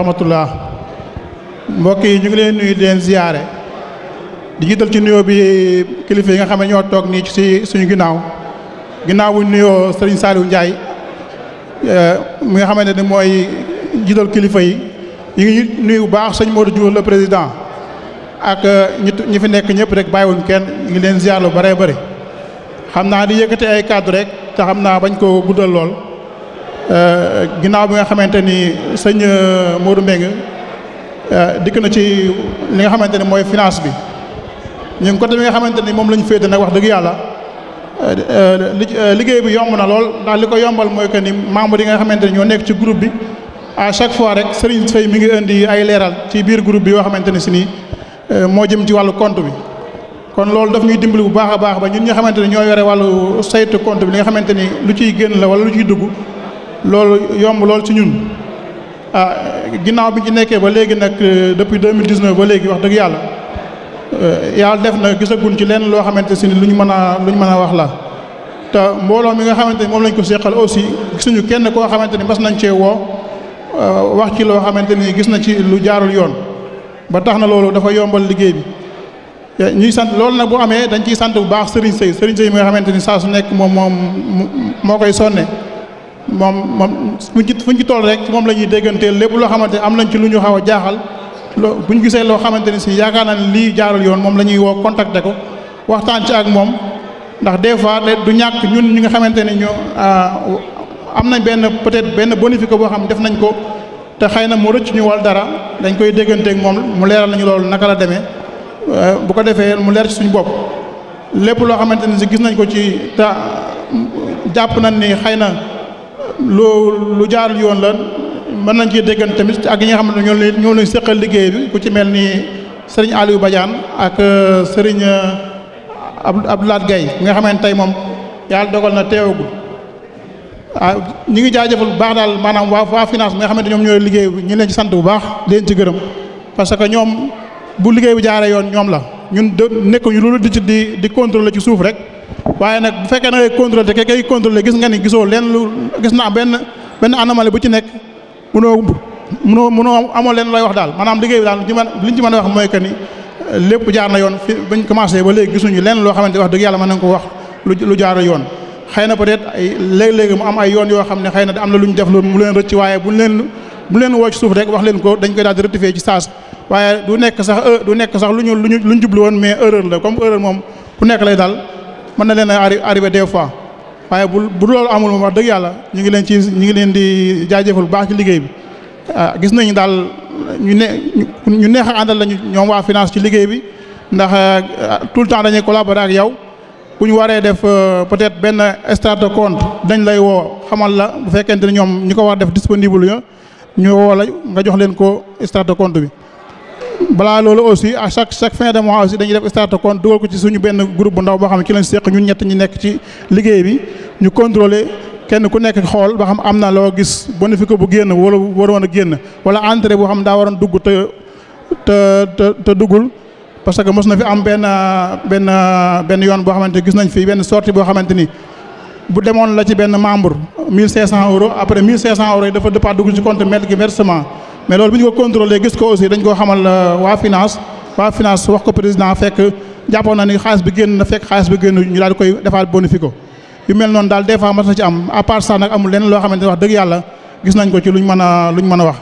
rahmatullah mbokk yi ñu ngi leen nuyu di leen ziyaare di jiital ci nuyoo bi kilifa yi nga xam ñoo toog nii ci suñu ginnaaw ginnaaw bu nuyoo sëriñ Saliou Ndiaye eh, mi nga xamante ne mooy jiital kilifa yi ñu ngi nuyu bu baax sëñ Modou Diouf le président ak eh, ñi fi nekk ñëpp rek bàyyiwuñ kenn ñu ngi leen ziyaar lu bare bare xam naa di yëkkati ay kàddu rek te xam naa bañ koo guddal lool. Euh, ginnaaw bi nga xamante ni sëñ euh, Modou Mbengue euh, dikk na ci li nga xamante ni mooy finance bi ñun côté bi nga xamante ni moom la ñu féete nag wax dëgg yàlla liggéey bi yomb na lool ndax li ko yombal mooy que ni membre yi nga xamante ni ñoo nekk ci groupe bi à chaque fois rek Serigne sëy mi ngi indi ay leeral ci biir groupe bi yoo xamante ni si nii moo jëm ci wàllu compte bi kon loolu daf ñuy dimbali bu baax a baax ba ñu ñi nga xamante ni ñoo yore wàllu saytu compte bi li nga xamante ni lu ciy génn la wala lu ciy dugg loolu yomb lool ci ñun ah, ginnaaw bi ñu nekkee ba léegi nag euh, depuis 2019 ba léegi wax dëgg yàlla euh, yàlla def na gisaguñ ci lenn loo xamante si ni lu ñu mën a lu ñu mën a wax la te mbooloo mi nga xamante ni moom lañ ko seqal aussi gisuñu kenn koo xamante ni mas nañ cee woo euh, wax ci loo xamante ni gis na ci lu jaarul yoon ba tax na loolu dafa yombal liggéey bi ñuy sant loolu nag bu amee dañ ciy sant bu baax Serigne Seye Serigne Seye mi nga xamante ni saa su nekk moom moom moo koy sonne moom moom fuñ ci fuñ ci tool rek moom la ñuy dégganteel lépp loo xamante ne am nañ ci lu ñu xaw a jaaxal bu ñu gisee loo xamante ni si yaakaar naa ne lii jaarul yoon moom la ñuy woo ko waxtaan ci ak moom ndax des fois du ñàkk ñun ñi nga xamante ne ñu ah, am nañ benn peut-être benn bonifié boo xam def nañ ko te xëy na mu rëcc ñu wal dara dañ koy dégganteeg moom mu leeral nañu loolu naka la demee euh, bu ko defee mu leer suñu bopp lépp loo xamante ni si gis nañ ko ci te jàpp nañ ni xëy na. loo lu jaar yoon la mën nañ cee déggan tamit ak yi nga xam ne ñoo leen ñoo leen seqal liggéey bi ku ci mel ni sëriñ Aliou Badiane ak euh, sëriñ euh, ab Abdoulaye Gaye nga xam ne tey moom yàlla dogal na teewagul ah ñu ngi jaajëfal bu baax daal maanaam waa waa finance bi nga xamante ñoom ñoo liggéey bi ñu leen ci sant bu baax leen ci gërëm parce que ñoom bu liggéey bi jaaree yoon ñoom la ñun de nekkuñu loolu di ci di di contrôler ci suuf rek. waaye nag bu fekkee na ngay contrôlé te ke kay gis nga ni gisoo leen lu gis naa benn benn anomalie bu ci nekk mënoo mënoo mënoo amoo leen looy wax daal maanaam liggéey bi daal lu man li ñu wax mooy que ni euh, lépp jaar na yoon fi bañ commencé ba léegi gisuñu leen loo xamante wax dëgg yàlla mën nañ ko wax lu jaaru yoon xëy na peut-être ay léegi mu am ay yoon yoo xam ne xay na am na lu ñu def loolu mu leen rëcc waaye leen bu leen woo ci suuf rek wax leen ko dañ koy daal di rectifier ci saas nekk sax euh, du nekk sax lu ñu lu ñu woon mais erreur la moom ku nekk daal mën na leen a arrivé des fois waaye bu bu loolu amul moom wax dëgg yàlla ñu ngi leen ci ñu ngi leen di jaajëfal bu baax ci liggéey bi ah, gis nañu daal ñu ne ñu neex a àndal lañu ñoom waa finance ci liggéey bi ndax ah, tout le temps dañuy collaborer ak yow bu ñu waree def euh, peut-être benn extrait de compte dañ lay woo xamal la bu fekkente ne ñoom ñu ko war def disponible ñu woo la nga jox leen ko extrait de compte bi. balaa loolu aussi à chaque chaque fin de mois aussi dañuy def start compte dugal ko ci suñu benn groupe bu ndaw boo xam ne ci lañ seq ñun ñett ñi nekk ci liggéey bi ñu contrôler kenn ku nekk xool boo xam am na loo gis bonifié bu génn wala waroon a génn wala entrée boo xam daa waroon dugg te te te duggul parce que mos na fi am benn benn benn yoon boo xamante gis nañ fi benn sortie boo xamante ni bu demoon la ci benn membre 1500 euros après 1500 euros yi dafa départ dugg ci mais loolu bu ñu ko contrôlé gis ko aussi dañ koo xamal euh, waa finance waa finance wax ko président fekk jàppoon na ni xaalis bi génn na fekk xaalis bi génn ñu daal di koy defaat bonifié ko yu mel noonu daal des fois mas na ci am à part ça nag amul lenn loo xamante ne wax dëgg yàlla gis nañ ko ci luñ mën a luñ mën a wax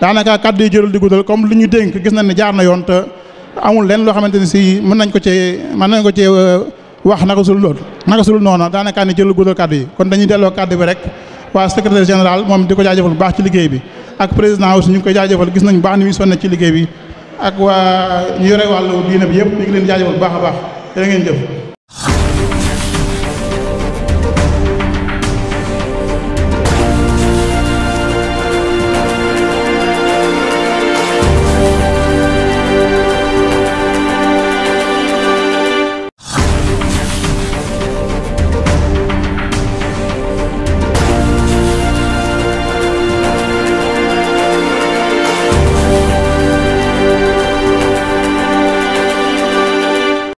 daanaka kàddu yi jërul di guddal comme lu ñu dénk gis nañ ne jaar na yoon te amul lenn loo si mën nañ ko cee mën nañ ko cee euh, wax naka sul lool naka sul noonu daanaka ne jërul guddal kàddu yi kon dañuy delloo kàddu bi rek waa secrétaire général moom di ko jaajëfal bu baax ci liggéey bi ak président aussi ñu ngi koy jaajëfal gis nañ baax ni muy sonne ci liggéey bi ak waa ñu yore wàllu diine bi yëpp ñu ngi leen jaajëfal bu baax a baax jërë ngeen jëf